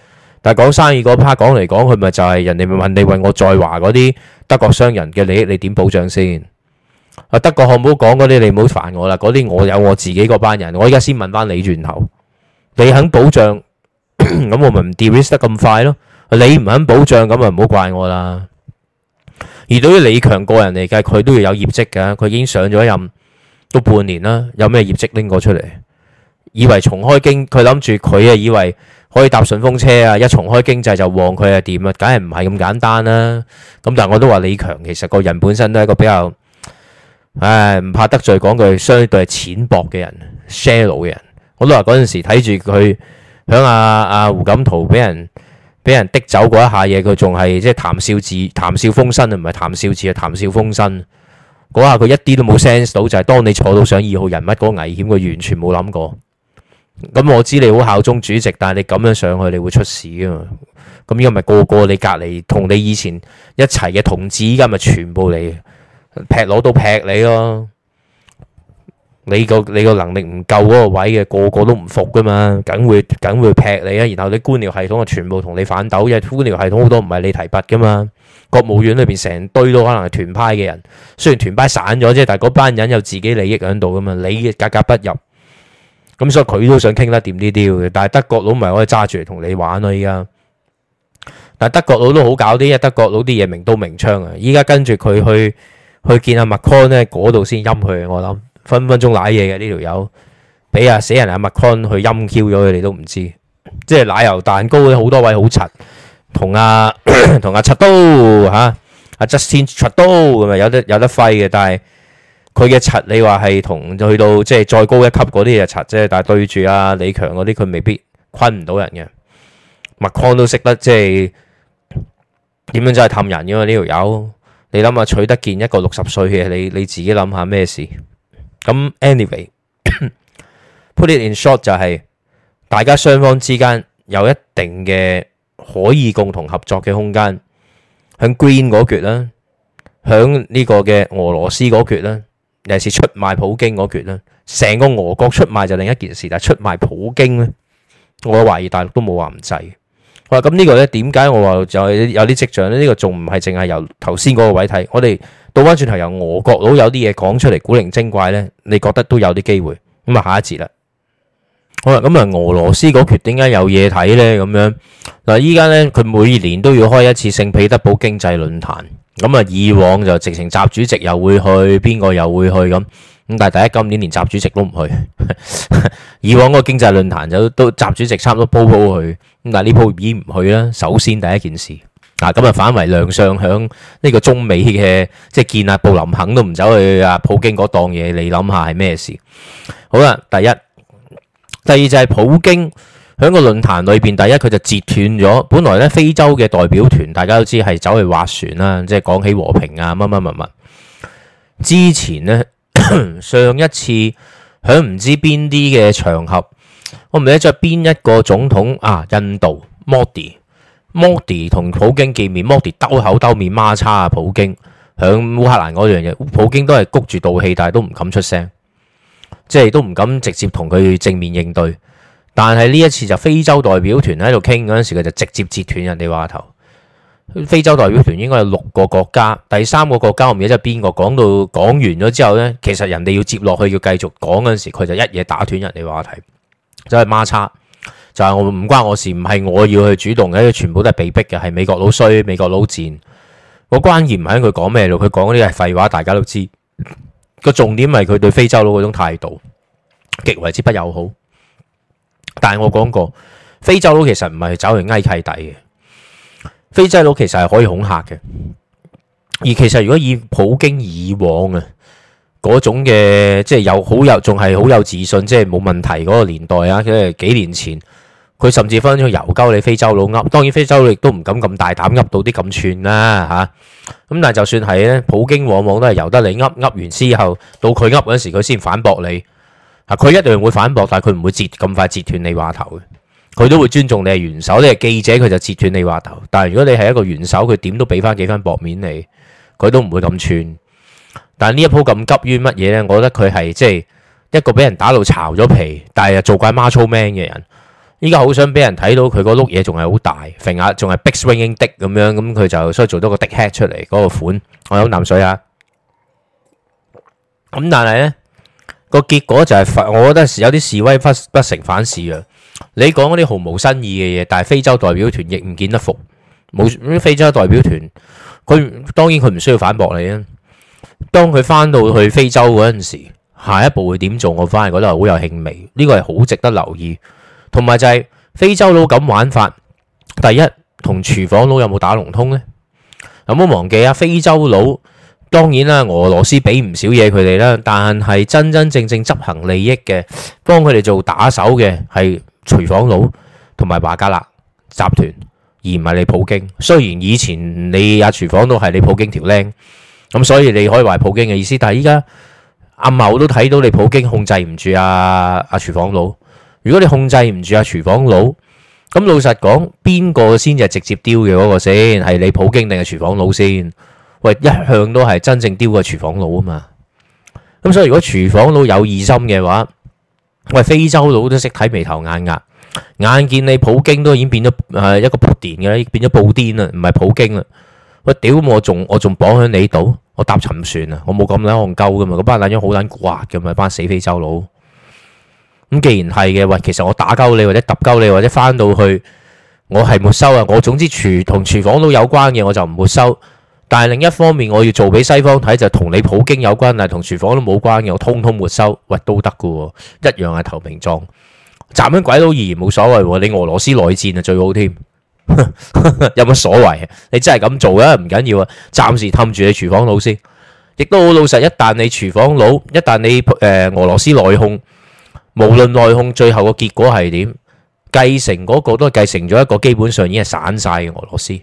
但係講生意嗰 part 講嚟講，佢咪就係人哋問你為我在華嗰啲德國商人嘅利益，你點保障先？啊，德國漢堡講嗰啲你唔好煩我啦，嗰啲我有我自己嗰班人。我而家先問翻你轉頭，你肯保障，咁 我咪唔 de risk 得咁快咯。你唔肯保障，咁咪唔好怪我啦。而對於李強個人嚟計，佢都要有業績噶，佢已經上咗任都半年啦，有咩業績拎過出嚟？以為重開經，佢諗住佢啊以為。可以搭順風車啊！一重開經濟就旺佢啊？點啊？梗係唔係咁簡單啦？咁但係我都話李強其實個人本身都係一個比較，唉唔怕得罪，講句相對係淺薄嘅人，shallow 嘅人。我都話嗰陣時睇住佢響阿阿胡錦濤俾人俾人滴走過一下嘢，佢仲係即係談笑自談笑風生唔係談笑自啊談笑風生。嗰、就是、下佢一啲都冇 sense 到，就係、是、當你坐到上二號人物嗰危險，佢完全冇諗過。咁、嗯、我知你好效忠主席，但係你咁樣上去，你會出事噶嘛。咁依個咪個個你隔籬同你以前一齊嘅同志，依家咪全部嚟劈攞到劈你咯！你個你個能力唔夠嗰個位嘅，個個都唔服噶嘛，梗會梗會劈你啊！然後你官僚系統啊，全部同你反斗，因為官僚系統好多唔係你提拔噶嘛，國務院裏邊成堆都可能係團派嘅人，雖然團派散咗啫，但係嗰班人有自己利益喺度噶嘛，你格格不入。咁、嗯、所以佢都想傾得掂呢啲嘅，但係德國佬唔係可以揸住嚟同你玩咯依、啊這個、家。但係德國佬都好搞啲，一德國佬啲嘢明刀明槍啊！依家跟住佢去去見阿麥康咧，嗰度先陰佢。我諗分分鐘賴嘢嘅呢條友，俾阿死人阿麥康去陰 Q 咗佢哋都唔知。即係奶油蛋糕好多位好柒，同阿、啊、 同阿柒刀吓，阿、 啊啊、Justin 柒刀咁啊，有得有得揮嘅，但係。佢嘅柒，你話係同去到即係再高一級嗰啲嘅柒啫，但係對住啊李強嗰啲，佢未必困唔到人嘅。麥康都識得即係點樣真係氹人噶嘛、啊？呢條友，你諗下取得見一個六十歲嘅你，你自己諗下咩事？咁 anyway，put it in short 就係大家雙方之間有一定嘅可以共同合作嘅空間。響 Green 嗰決啦，響呢個嘅俄羅斯嗰決啦。尤其是出賣普京嗰決啦，成個俄國出賣就另一件事，但係出賣普京咧，我懷疑大陸都冇話唔制。哇，咁呢個咧點解我話有有啲跡象咧？呢個仲唔係淨係由頭先嗰個位睇，我哋倒翻轉頭由俄國佬有啲嘢講出嚟，古靈精怪咧，你覺得都有啲機會。咁啊，下一節啦。好啦，咁啊，俄羅斯嗰決點解有嘢睇咧？咁樣嗱，依家咧佢每年都要開一次聖彼得堡經濟論壇。咁啊！以往就直情習主席又會去，邊個又會去咁咁？但係第一，今年連習主席都唔去。 以往個經濟論壇就都習主席差唔多鋪鋪去咁，但係呢鋪已唔去啦。首先第一件事嗱，今、啊、日反為亮相響呢個中美嘅，即係見阿布林肯都唔走去阿普京嗰檔嘢，你諗下係咩事？好啦，第一第二就係普京。喺個論壇裏邊，第一佢就截斷咗本來咧非洲嘅代表團，大家都知係走去劃船啦，即係講起和平啊，乜乜乜乜。之前呢，咳咳上一次喺唔知邊啲嘅場合，我唔記得咗邊一個總統啊，印度 Modi，Modi 同普京見面，Modi 兜口兜面孖叉啊，普京喺烏克蘭嗰樣嘢，普京都係谷住道氣，但係都唔敢出聲，即係都唔敢直接同佢正面應對。但係呢一次就非洲代表團喺度傾嗰陣時，佢就直接截斷人哋話頭。非洲代表團應該有六個國家，第三個國家我唔記得邊個。講到講完咗之後呢，其實人哋要接落去要繼續講嗰陣時，佢就一嘢打斷人哋話題，就係孖叉。就係我唔關我事，唔係我要去主動嘅，因為全部都係被逼嘅，係美國佬衰，美國佬賤。個關鍵唔喺佢講咩咯？佢講嗰啲係廢話，大家都知。個重點係佢對非洲佬嗰種態度，極為之不友好。但係我講過，非洲佬其實唔係走嚟捱契弟嘅，非洲佬其實係可以恐嚇嘅。而其實如果以普京以往啊嗰種嘅，即係有好有仲係好有自信，即係冇問題嗰、那個年代啊，即係幾年前，佢甚至分咗油交你非洲佬噏。當然非洲佬亦都唔敢咁大膽噏到啲咁串啦嚇。咁、啊、但係就算係咧，普京往往都係由得你噏噏完之後，到佢噏嗰時，佢先反駁你。佢一樣會反駁，但係佢唔會截咁快截斷你話頭嘅，佢都會尊重你係元首，你係記者，佢就截斷你話頭。但係如果你係一個元首，佢點都俾翻幾分薄面你，佢都唔會咁串。但係呢一鋪咁急於乜嘢呢？我覺得佢係即係一個俾人打到巢咗皮，但係又做怪 m a r 嘅人，依家好想俾人睇到佢嗰碌嘢仲係好大，成日仲係 Big Swinging 的咁樣，咁佢就所以做咗個的 h a d hat 出嚟嗰、那個款。我飲啖水啊！咁但係呢。個結果就係，我覺得有啲示威不不成反事嘅。你講嗰啲毫無新意嘅嘢，但係非洲代表團亦唔見得服，冇非洲代表團，佢當然佢唔需要反駁你啊。當佢翻到去非洲嗰陣時，下一步會點做？我反而嗰得好有興味，呢個係好值得留意。同埋就係、是、非洲佬咁玩法，第一同廚房佬有冇打龍通呢？有冇忘記啊？非洲佬。當然啦，俄羅斯俾唔少嘢佢哋啦，但係真真正正執行利益嘅，幫佢哋做打手嘅係廚房佬同埋華格納集團，而唔係你普京。雖然以前你阿廚房佬係你普京條靚，咁所以你可以話普京嘅意思。但係依家阿茂都睇到你普京控制唔住阿、啊、阿、啊、廚房佬。如果你控制唔住阿、啊、廚房佬，咁老實講，邊個先至係直接丟嘅嗰個先？係你普京定係廚房佬先？喂，一向都係真正丟個廚房佬啊嘛。咁、嗯、所以如果廚房佬有二心嘅話，喂非洲佬都識睇眉頭眼額，眼見你普京都已經變咗誒、呃、一個布電嘅咧，變咗布癲啦，唔係普京啦。喂，屌我仲我仲綁喺你度，我搭沉船啊！我冇咁樣戇鳩噶嘛，嗰班人真好撚古怪嘅，班，班死非洲佬。咁、嗯、既然係嘅，喂，其實我打鳩你，或者揼鳩你，或者翻到去我係沒收啊。我總之廚同廚房佬有關嘅，我就唔沒收。但係另一方面，我要做俾西方睇，就同你普京有關，但同廚房都冇關嘅，我通通沒收，喂都得噶喎，一樣係投名狀。站喺鬼佬而言冇所謂，你俄羅斯內戰啊最好添， 有乜所謂？你真係咁做咧唔緊要啊，暫時氹住你廚房佬先，亦都好老實。一旦你廚房佬，一旦你誒俄羅斯內訌，無論內訌最後個結果係點，繼承嗰個都係繼承咗一個基本上已經散晒嘅俄羅斯。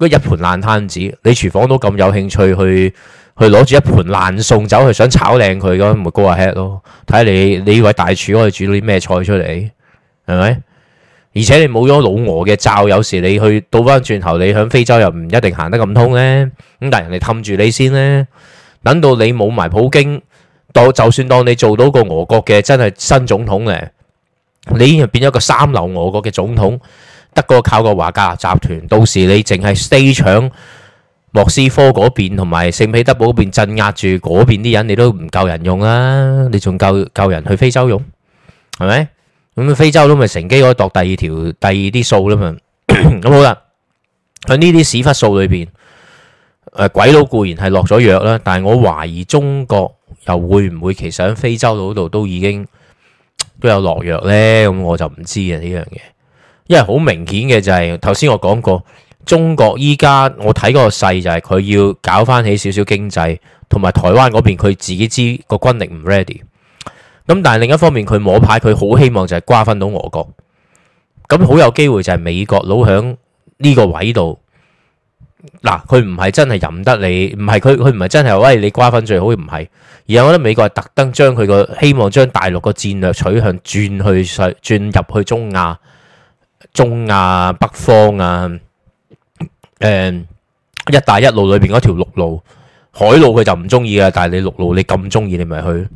嗰一盤爛攤子，你廚房都咁有興趣去去攞住一盤爛餸走去想炒靚佢咁，咪高下 heat 咯？睇下你你位大廚可以煮到啲咩菜出嚟，係咪？而且你冇咗老俄嘅罩，有時你去倒翻轉頭，你響非洲又唔一定行得咁通咧。咁但係人哋氹住你先咧，等到你冇埋普京，當就算當你做到個俄國嘅真係新總統嘅，你已經變咗個三流俄國嘅總統。得個靠個華格納集團，到時你淨係 stay 搶莫斯科嗰邊，同埋聖彼得堡嗰邊鎮壓住嗰邊啲人，你都唔夠人用啦。你仲夠夠人去非洲用，係咪？咁、嗯、非洲都咪乘機可以度第二條第二啲數啦嘛！咁、 嗯、好啦，喺呢啲屎忽數裏邊，誒、呃，鬼佬固然係落咗藥啦，但係我懷疑中國又會唔會其實喺非洲度都已經都有落藥呢？咁我就唔知啊，呢樣嘢。因為好明顯嘅就係頭先我講過，中國依家我睇嗰個勢就係佢要搞翻起少少經濟，同埋台灣嗰邊佢自己知個軍力唔 ready，咁但係另一方面佢摸牌，佢好希望就係瓜分到俄國，咁好有機會就係美國佬響呢個位度，嗱佢唔係真係任得你，唔係佢佢唔係真係喂你瓜分最好唔係，而係我覺得美國係特登將佢個希望將大陸個戰略取向轉去上轉入去中亞。中亞北方啊，誒、嗯，一帶一路裏邊嗰條陸路，海路佢就唔中意嘅，但係你陸路你咁中意，你咪去。咁、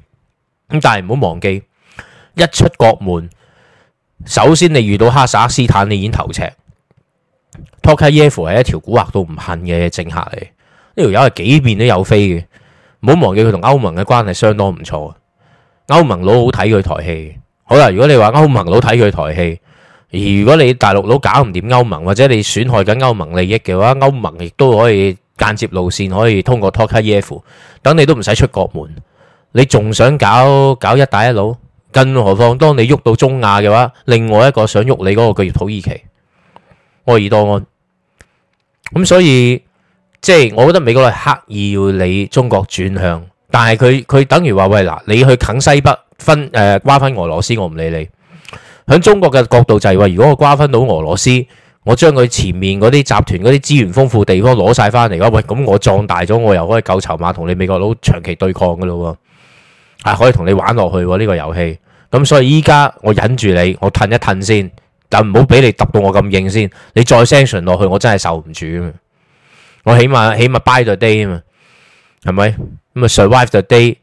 嗯、但係唔好忘記，一出國門，首先你遇到哈薩克斯坦，你已經頭赤。托卡耶夫係一條古惑到唔恨嘅政客嚟，呢條友係幾邊都有飛嘅。唔好忘記佢同歐盟嘅關係相當唔錯，歐盟佬好睇佢台戲。好啦，如果你話歐盟佬睇佢台戲。而如果你大陸佬搞唔掂歐盟，或者你損害緊歐盟利益嘅話，歐盟亦都可以間接路線，可以通過托卡耶夫等你都唔使出國門。你仲想搞搞一帶一路，更何況當你喐到中亞嘅話，另外一個想喐你嗰個叫土耳其、愛爾多安。咁所以即係、就是、我覺得美國係刻意要你中國轉向，但係佢佢等於話喂嗱，你去啃西北分誒瓜分俄羅斯，我唔理你。喺中國嘅角度就係、是、話，如果我瓜分到俄羅斯，我將佢前面嗰啲集團、嗰啲資源豐富地方攞晒翻嚟嘅喂，咁我壯大咗，我又可以夠籌碼同你美國佬長期對抗噶咯，係、啊、可以同你玩落去呢、這個遊戲。咁所以依家我忍住你，我褪一褪先，但唔好俾你揼到我咁硬先。你再 sanction 落去，我真係受唔住啊！我起碼起碼 by the day, the day 啊，嘛、啊，係咪咁啊？survive the day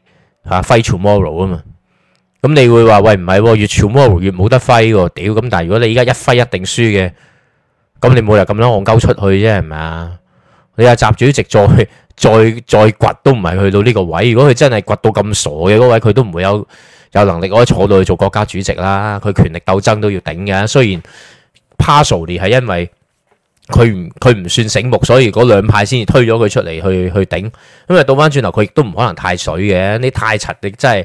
吓 fight tomorrow 啊嘛。咁你會話喂，唔係喎，越全越冇得揮喎，屌！咁但係如果你依家一揮一定輸嘅，咁你冇理由咁樣戇鳩出去啫，係咪？你阿習主席再再再掘都唔係去到呢個位，如果佢真係掘到咁傻嘅嗰個位，佢都唔會有有能力可以坐到去做國家主席啦。佢權力鬥爭都要頂嘅，雖然 p a s o 係因為佢唔佢唔算醒目，所以嗰兩派先至推咗佢出嚟去去頂。因為倒翻轉頭，佢亦都唔可能太水嘅，你太柒力，真係。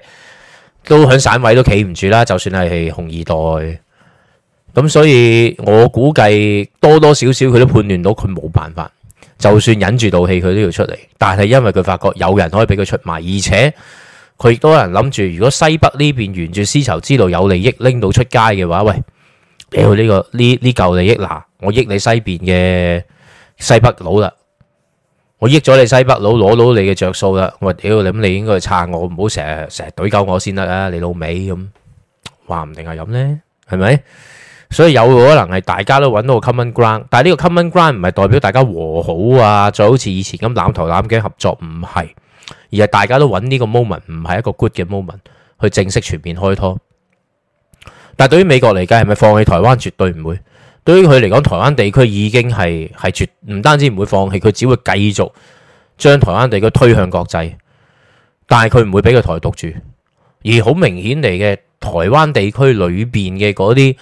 都喺省委都企唔住啦，就算係紅二代咁，所以我估計多多少少佢都判斷到佢冇辦法，就算忍住道氣佢都要出嚟。但係因為佢發覺有人可以俾佢出賣，而且佢亦都有人諗住，如果西北呢邊沿住絲綢之路有利益拎到出街嘅話，喂，俾佢呢個呢呢嚿利益嗱，我益你西邊嘅西北佬啦。我益咗你西北佬，攞到你嘅着數啦！我屌你咁，你應該去撐我，唔好成日成日懟鳩我先得啊！你老味咁，話唔定係咁呢？係咪？所以有可能係大家都揾到個 common ground，但係呢個 common ground 唔係代表大家和好啊，就好似以前咁攬頭攬頸合作唔係，而係大家都揾呢個 moment，唔係一個 good 嘅 moment 去正式全面開拖。但係對於美國嚟講，係咪放棄台灣？絕對唔會。對於佢嚟講，台灣地區已經係係絕唔單止唔會放棄，佢只會繼續將台灣地區推向國際，但係佢唔會俾佢台獨住。而好明顯嚟嘅台灣地區裏邊嘅嗰啲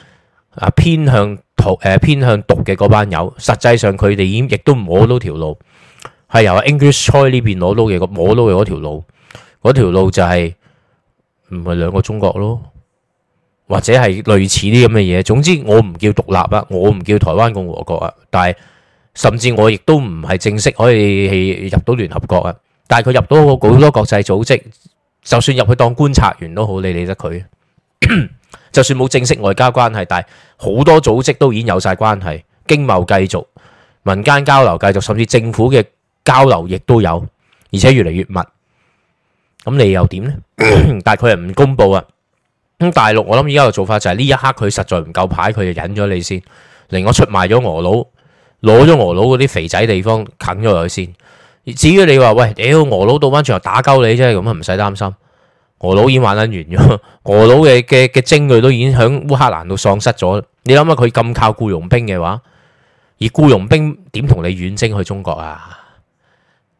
啊偏向台誒、啊、偏向獨嘅嗰班友，實際上佢哋已經亦都摸到條路，係由 English side 呢邊攞到嘅個摸到嘅嗰條路，嗰條路就係唔係兩個中國咯。或者係類似啲咁嘅嘢，總之我唔叫獨立啊，我唔叫台灣共和國啊，但係甚至我亦都唔係正式可以入到聯合國啊，但係佢入到好多國際組織，就算入去當觀察員都好，你理得佢。 就算冇正式外交關係，但係好多組織都已經有晒關係，經貿繼續，民間交流繼續，甚至政府嘅交流亦都有，而且越嚟越密。咁你又點呢？ 但係佢係唔公布啊。咁大陸，我諗依家嘅做法就係呢一刻佢實在唔夠牌，佢就忍咗你先，令我出賣咗俄佬，攞咗俄佬嗰啲肥仔地方，啃咗佢先。至於你話喂，屌俄佬到翻轉頭打鳩你，啫，係咁啊？唔使擔心，俄佬已經玩撚完咗，俄佬嘅嘅嘅精銳都已經響烏克蘭度喪失咗。你諗下佢咁靠雇傭兵嘅話，而雇傭兵點同你遠征去中國啊？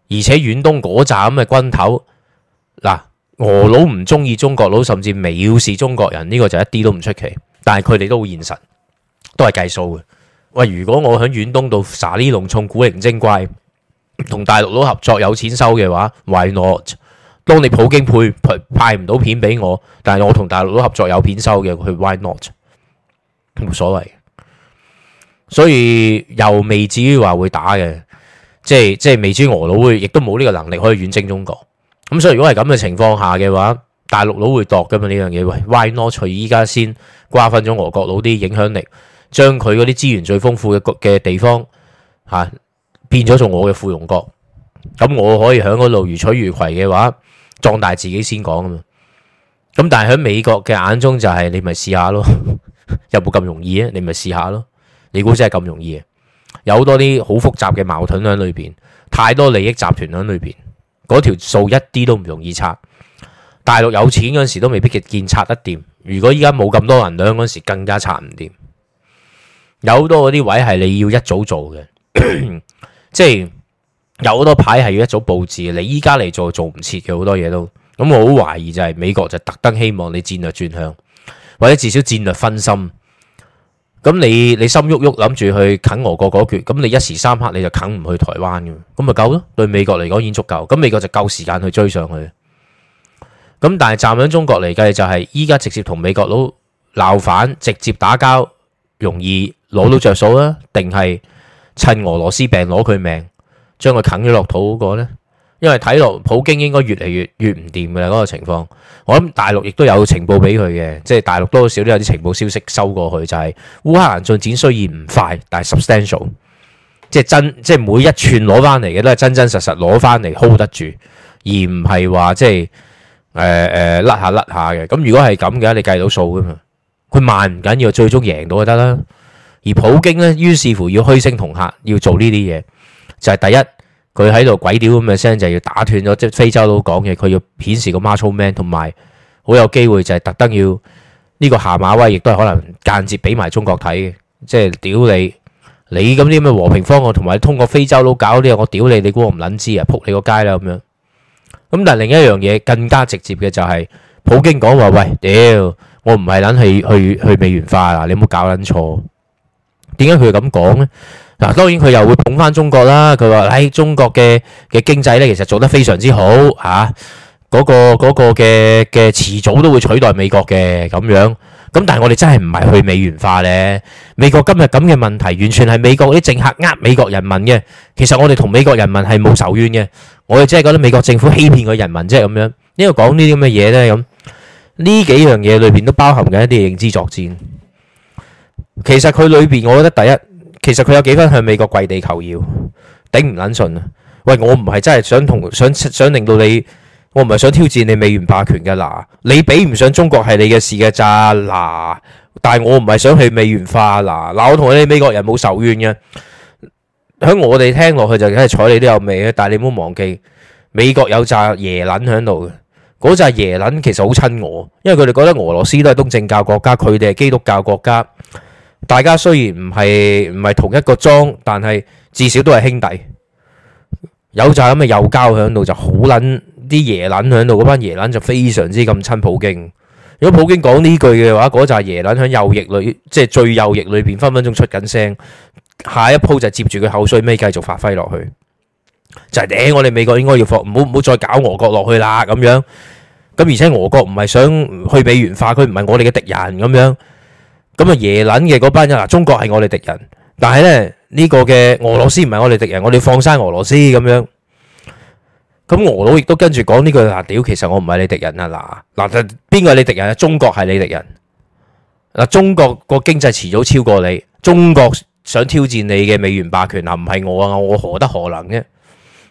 而且遠東嗰扎咁嘅軍頭，嗱。俄佬唔中意中國佬，甚至藐視中國人，呢個就一啲都唔出奇。但係佢哋都好現實，都係計數嘅。喂，如果我喺遠東度撒呢農莊古靈精怪，同大陸佬合作有錢收嘅話，why not？當你普京配派唔到片俾我，但係我同大陸佬合作有片收嘅，佢 why not？冇所謂。所以又未至於話會打嘅，即係即係未至於俄佬會，亦都冇呢個能力可以遠征中國。咁所以如果係咁嘅情況下嘅話，大陸佬會度噶嘛呢樣嘢？喂，why not 佢依家先瓜分咗俄國佬啲影響力，將佢嗰啲資源最豐富嘅嘅地方嚇、啊、變咗做我嘅附庸國，咁我可以喺嗰度如取如攜嘅話，壯大自己先講啊嘛。咁但係喺美國嘅眼中就係、是、你咪試下咯， 有冇咁容易啊？你咪試下咯，你估真係咁容易啊？有好多啲好複雜嘅矛盾喺裏邊，太多利益集團喺裏邊。嗰條數一啲都唔容易拆，大陸有錢嗰陣時都未必嘅建拆得掂，如果依家冇咁多銀兩嗰陣時更加拆唔掂，有好多嗰啲位係你要一早做嘅， 即係有好多牌係要一早佈置，你依家嚟做做唔切嘅好多嘢都，咁我好懷疑就係美國就特登希望你戰略轉向，或者至少戰略分心。咁你你心喐喐諗住去啃俄國嗰橛，咁你一時三刻你就啃唔去台灣嘅，咁咪夠咯？對美國嚟講，已經足夠。咁美國就夠時間去追上去。咁但係站喺中國嚟計，就係依家直接同美國佬鬧反，直接打交，容易攞到着數啦？定係趁俄羅斯病攞佢命，將佢啃咗落肚嗰個呢？因為睇落普京應該越嚟越越唔掂噶啦，嗰、那個情況，我諗大陸亦都有情報俾佢嘅，即係大陸多少都有啲情報消息收過去，就係、是、烏克蘭進展雖然唔快，但係 substantial，即係真即係每一寸攞翻嚟嘅都係真真實實攞翻嚟 hold 得住，而唔係話即係誒誒甩下甩下嘅。咁如果係咁嘅，你計到數噶嘛？佢慢唔緊要，最終贏到就得啦。而普京呢，於是乎要虛聲同客，要做呢啲嘢，就係、是、第一。佢喺度鬼屌咁嘅聲，就要打斷咗即係非洲佬講嘢，佢要顯示個 Muscle Man，同埋好有機會就係特登要呢個下馬威，亦都係可能間接俾埋中國睇嘅，即係屌你，你咁啲咁嘅和平方案，同埋通過非洲佬搞啲嘢，我屌你，你估我唔撚知啊，撲你個街啦咁樣。咁但係另一樣嘢更加直接嘅就係普京講話喂，屌我唔係撚去去去美元化啊，你唔好搞撚錯。點解佢咁講呢？嗱，當然佢又會捧翻中國啦。佢話，誒，中國嘅嘅經濟咧，其實做得非常之好嚇，嗰個嗰個嘅嘅遲早都會取代美國嘅咁樣。咁但係我哋真係唔係去美元化咧。美國今日咁嘅問題，完全係美國啲政客呃美國人民嘅。其實我哋同美國人民係冇仇怨嘅。我哋只係覺得美國政府欺騙咗人民啫咁樣。因為講呢啲咁嘅嘢咧，咁呢幾樣嘢裏邊都包含緊一啲認知作戰。其實佢裏邊，我覺得第一。其實佢有幾分向美國跪地求饒，頂唔捻順啊！喂，我唔係真係想同想想令到你，我唔係想挑戰你美元霸權嘅嗱、啊，你比唔上中國係你嘅事嘅咋嗱，但係我唔係想去美元化嗱嗱、啊啊，我同你美國人冇仇怨嘅，響我哋聽落去就梗係睬你都有味啊，但係你唔好忘記，美國有扎耶撚響度嘅，嗰扎耶撚其實好親我，因為佢哋覺得俄羅斯都係東正教國家，佢哋係基督教國家。大家雖然唔係唔係同一個莊，但係至少都係兄弟。有紮咁嘅右膠響度就好撚，啲耶撚響度嗰班耶撚就非常之咁親普京。如果普京講呢句嘅話，嗰紮耶撚響右翼裏，即係最右翼裏邊分分鐘出緊聲。下一鋪就接住佢口水尾繼續發揮落去，就係、是、頂我哋美國應該要放，唔好唔好再搞俄國落去啦咁樣。咁而且俄國唔係想去美元化，佢唔係我哋嘅敵人咁樣。咁啊，耶倫嘅嗰班人，嗱，中國係我哋敵人，但係咧呢、這個嘅俄羅斯唔係我哋敵人，我哋放生俄羅斯咁樣。咁俄佬亦都跟住講呢句話，屌，其實我唔係你敵人啊，嗱嗱就邊個係你敵人啊？中國係你敵人。嗱，中國個經濟遲早超過你，中國想挑戰你嘅美元霸權嗱，唔係我啊，我何德何能嘅？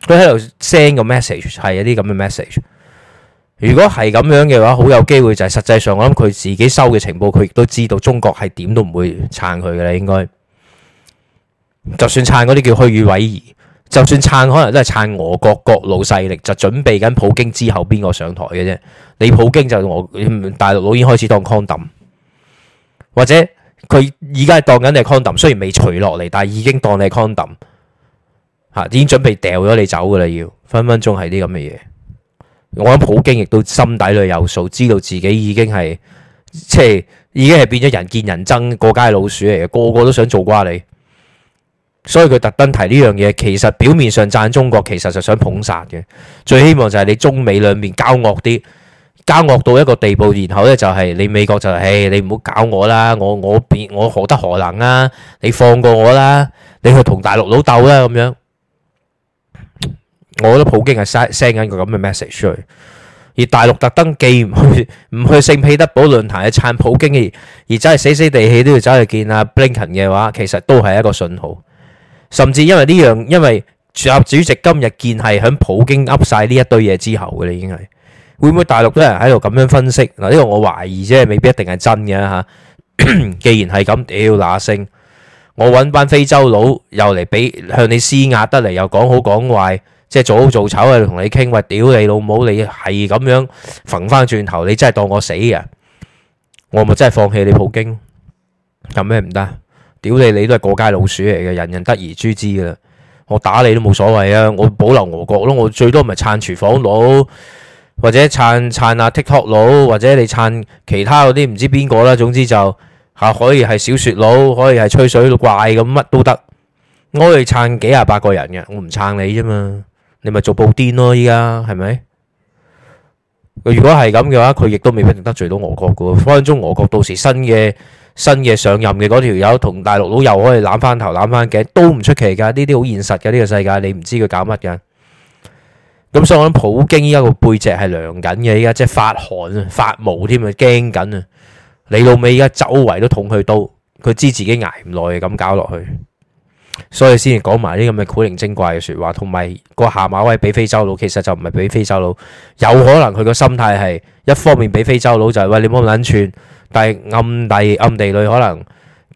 佢喺度 send 個 message 係一啲咁嘅 message。如果係咁樣嘅話，好有機會就係實際上我諗佢自己收嘅情報，佢亦都知道中國係點都唔會撐佢嘅啦。應該就算撐嗰啲叫虛與委蛇，就算撐可能都係撐俄國各路勢力，就準備緊普京之後邊個上台嘅啫。你普京就俄大陸佬已經開始當 condom，或者佢而家係當緊你 condom，雖然未除落嚟，但係已經當你 condom，吓已經準備掉咗你走噶啦，要分分鐘係啲咁嘅嘢。我諗普京亦都心底裏有數，知道自己已經係即係已經係變咗人見人憎，過街老鼠嚟嘅，個個都想做瓜你。所以佢特登提呢樣嘢，其實表面上贊中國，其實就想捧殺嘅。最希望就係你中美兩邊交惡啲，交惡到一個地步，然後咧就係你美國就誒、係，hey, 你唔好搞我啦，我我變我何德何能啊？你放過我啦，你去同大陸佬鬥啦咁樣。我覺得普京係 send send 緊個咁嘅 message 出去，而大陸特登既唔去唔去聖彼得堡論壇去撐普京，而而真係死死地氣都要走去見阿 Blinken 嘅話，其實都係一個信號。甚至因為呢樣，因為主席今日見係喺普京噏曬呢一堆嘢之後嘅啦，已經係會唔會大陸多人喺度咁樣分析嗱？呢個我懷疑，啫未必一定係真嘅嚇。既然係咁，屌乸聲，我揾班非洲佬又嚟俾向你施壓得嚟，又講好講壞。即係做好做醜喺度同你傾，話屌你老母，你係咁樣翻翻轉頭，你真係當我死啊？我咪真係放棄你普京，有咩唔得？屌你，你都係過街老鼠嚟嘅，人人得而誅之噶啦。我打你都冇所謂啊，我保留俄國咯，我最多咪撐廚房佬或者撐撐阿 TikTok 佬，或者你撐其他嗰啲唔知邊個啦。總之就吓、啊、可以係小說佬，可以係吹水怪咁，乜都得。我係撐幾廿八個人嘅，我唔撐你啫嘛。你咪做布甸咯，依家係咪？如果係咁嘅話，佢亦都未必得罪到俄國噶。分分鐘俄國到時新嘅新嘅上任嘅嗰條友，同大陸佬又可以攬翻頭攬翻頸，都唔出奇噶。呢啲好現實噶，呢個世界你唔知佢搞乜噶。咁所以我諗普京依家個背脊係涼緊嘅，依家即係發寒啊，發毛添啊，驚緊啊。你老味依家周圍都捅佢刀，佢知自己挨唔耐，咁搞落去。所以先至講埋啲咁嘅古靈精怪嘅說話，同埋個下馬威俾非洲佬，其實就唔係俾非洲佬，有可能佢個心態係一方面俾非洲佬就係、是、喂你冇咁捻串，但係暗地暗地裏可能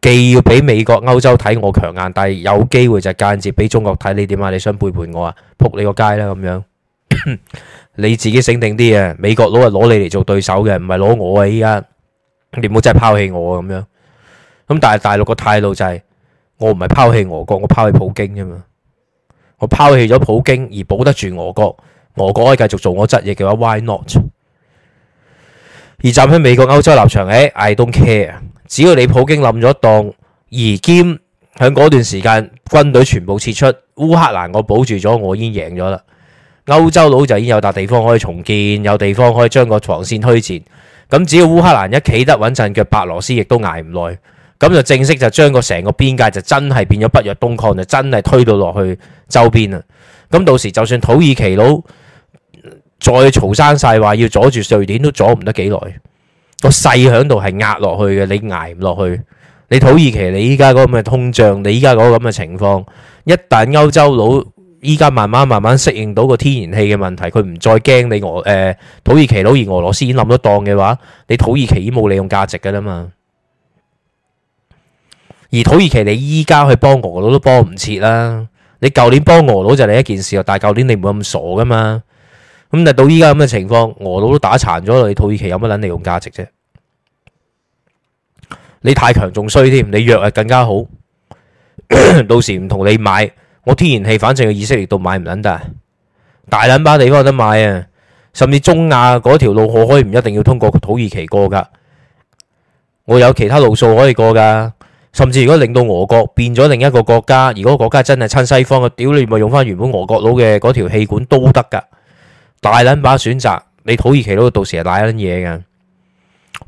既要俾美國歐洲睇我強硬，但係有機會就間接俾中國睇你點啊，你想背叛我啊，撲你個街啦咁樣， 你自己醒定啲啊，美國佬係攞你嚟做對手嘅，唔係攞我啊依家，你唔好真係拋棄我啊咁樣，咁但係大陸個態度就係、是。我唔係拋棄俄國，我拋棄普京啫嘛。我拋棄咗普京而保得住俄國，俄國可以繼續做我執嘢嘅話，Why not？而站喺美國、歐洲立場，誒、哎，I don't care。只要你普京冧咗檔，而兼喺嗰段時間軍隊全部撤出烏克蘭，我保住咗，我已經贏咗啦。歐洲佬就已經有笪地方可以重建，有地方可以將個防線推前。咁只要烏克蘭一企得穩陣，腳白羅斯亦都挨唔耐。咁就正式就將個成個邊界就真係變咗北約東擴，就真係推到落去周邊啦。咁到時就算土耳其佬再嘈生曬話要阻住瑞典，都阻唔得幾耐。個勢喺度係壓落去嘅，你捱唔落去。你土耳其你依家嗰個咁嘅通脹，你依家嗰個咁嘅情況，一旦歐洲佬依家慢慢慢慢適應到個天然氣嘅問題，佢唔再驚你俄誒、呃、土耳其佬而俄羅斯已經冧咗檔嘅話，你土耳其已經冇利用價值嘅啦嘛。而土耳其，你依家去幫俄佬都幫唔切啦。你舊年幫俄佬就另一件事，但係舊年你唔會咁傻噶嘛。咁但係到依家咁嘅情況，俄佬都打殘咗，你土耳其有乜撚利用價值啫？你太強仲衰添，你弱啊，更加好。 到時唔同你買，我天然氣反正去以色列度買唔撚得，大撚巴地方有得買啊。甚至中亞嗰條路，我可以唔一定要通過土耳其過噶，我有其他路數可以過噶。甚至如果令到俄國變咗另一個國家，如果國家真係親西方嘅，屌你咪用翻原本俄國佬嘅嗰條氣管都得噶，大捻把選擇。你土耳其佬到時係大捻嘢嘅，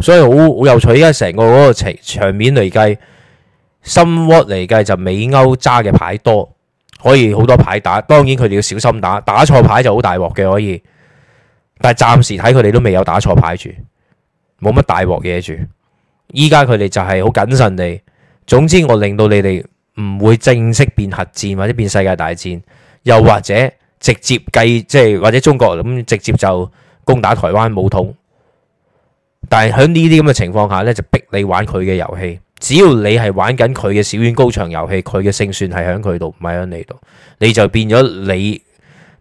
所以好好有趣。依家成個嗰個場面嚟計，深窩嚟計，就美歐揸嘅牌多，可以好多牌打。當然佢哋要小心打，打錯牌就好大鑊嘅可以。但係暫時睇佢哋都未有打錯牌住，冇乜大鑊嘢住。依家佢哋就係好謹慎地。總之，我令到你哋唔會正式變核戰或者變世界大戰，又或者直接計即係或者中國咁直接就攻打台灣武統。但係喺呢啲咁嘅情況下呢就逼你玩佢嘅遊戲。只要你係玩緊佢嘅小院高牆遊戲，佢嘅勝算係喺佢度，唔係喺你度。你就變咗你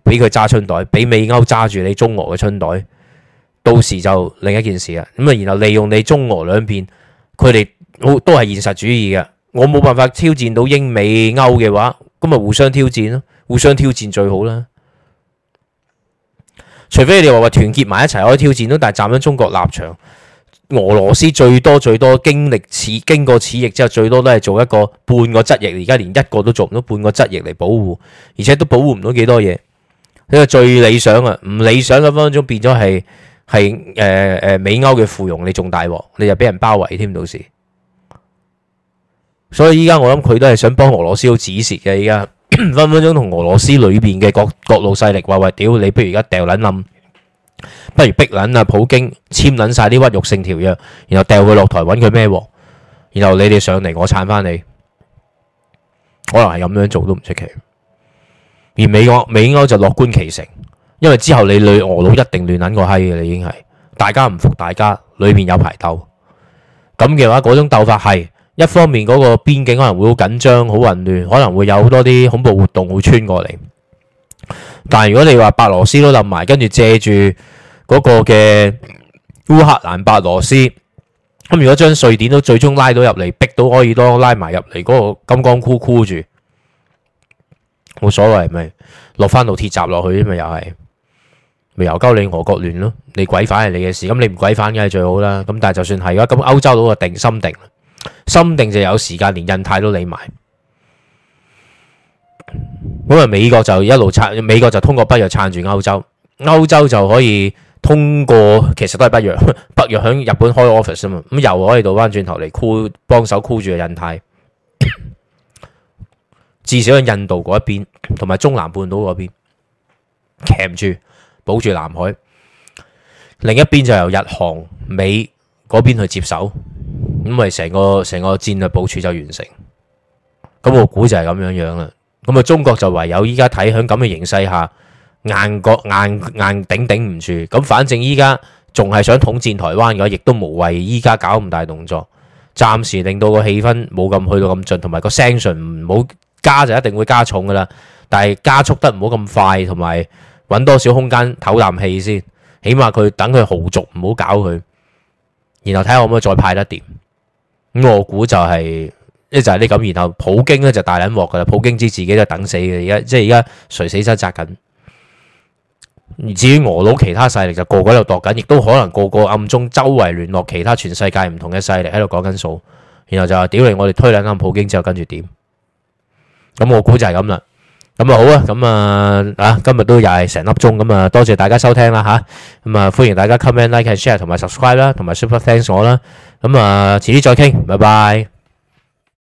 俾佢揸春袋，俾美歐揸住你中俄嘅春袋。到時就另一件事啦。咁啊，然後利用你中俄兩邊佢哋。我都係現實主義嘅，我冇辦法挑戰到英美歐嘅話，咁咪互相挑戰咯，互相挑戰最好啦。除非你哋話話團結埋一齊可以挑戰到，但係站喺中國立場，俄羅斯最多最多經歷此經過此役之後，最多都係做一個半個側翼，而家連一個都做唔到，半個側翼嚟保護，而且都保護唔到幾多嘢。呢個最理想啊，唔理想嘅分分鐘變咗係係誒誒美歐嘅附庸，你仲大鑊，你又俾人包圍添到時。所以依家我諗佢都係想幫俄羅斯好止蝕嘅，依家分分鐘同俄羅斯裏邊嘅各各路勢力話：喂，屌你不如而家掉捻冧，不如逼捻啊！普京簽捻晒啲屈辱性條約，然後掉佢落台，揾佢咩？然後你哋上嚟，我撐翻你，可能係咁樣做都唔出奇。而美國美國就樂觀其成，因為之後你里俄佬一定亂捻個閪嘅，你已經係大家唔服大家，裏邊有排鬥。咁嘅話，嗰種鬥法係。一方面嗰個邊境可能會好緊張、好混亂，可能會有好多啲恐怖活動會穿過嚟。但係如果你話白羅斯都冧埋，跟住借住嗰個嘅烏克蘭、白羅斯，咁如果將瑞典都最終拉到入嚟，逼到愛爾多拉埋入嚟嗰個金剛箍箍住，冇所謂咪落翻到鐵閘落去啫嘛，又係咪又搞你俄國亂咯？你鬼反係你嘅事，咁你唔鬼反梗係最好啦。咁但係就算係啊，咁歐洲佬就定心定。心定就有時間，連印太都理埋。咁啊，美國就一路撐，美國就通過北約撐住歐洲，歐洲就可以通過，其實都係北約，北約響日本開 office 啊嘛，咁又可以倒翻轉頭嚟，箍幫手箍住個印太。 至少喺印度嗰一邊，同埋中南半島嗰邊，鉗住保住南海。另一邊就由日韓美嗰邊去接手。咁咪成個成個戰略部署就完成，咁我估就係咁樣樣啦。咁啊，中國就唯有依家睇響咁嘅形勢下，硬國硬硬頂頂唔住。咁反正依家仲係想統戰台灣嘅話，亦都無謂依家搞咁大動作，暫時令到個氣氛冇咁去到咁盡，同埋個 sanction 唔好加就一定會加重噶啦。但係加速得唔好咁快，同埋揾多少空間唞啖氣先，起碼佢等佢豪續唔好搞佢，然後睇下可唔可以再派得掂。咁我估就係、是，一就係呢咁，然後普京咧就大捻鑊噶啦，普京知自己都等死嘅，而家即係而家垂死掙扎緊。至於俄佬其他勢力就個個喺度度緊，亦都可能個個暗中周圍聯絡其他全世界唔同嘅勢力喺度講緊數，然後就話屌你，我哋推兩間普京之後跟住點？咁我估就係咁啦。咁啊好啊，咁啊啊今日都又係成粒鐘，咁啊多謝大家收聽啦吓，咁啊歡迎大家 comment、like、share 同埋 subscribe 啦，同埋 super thanks 我啦。咁啊，遲啲，嗯，再傾，拜拜。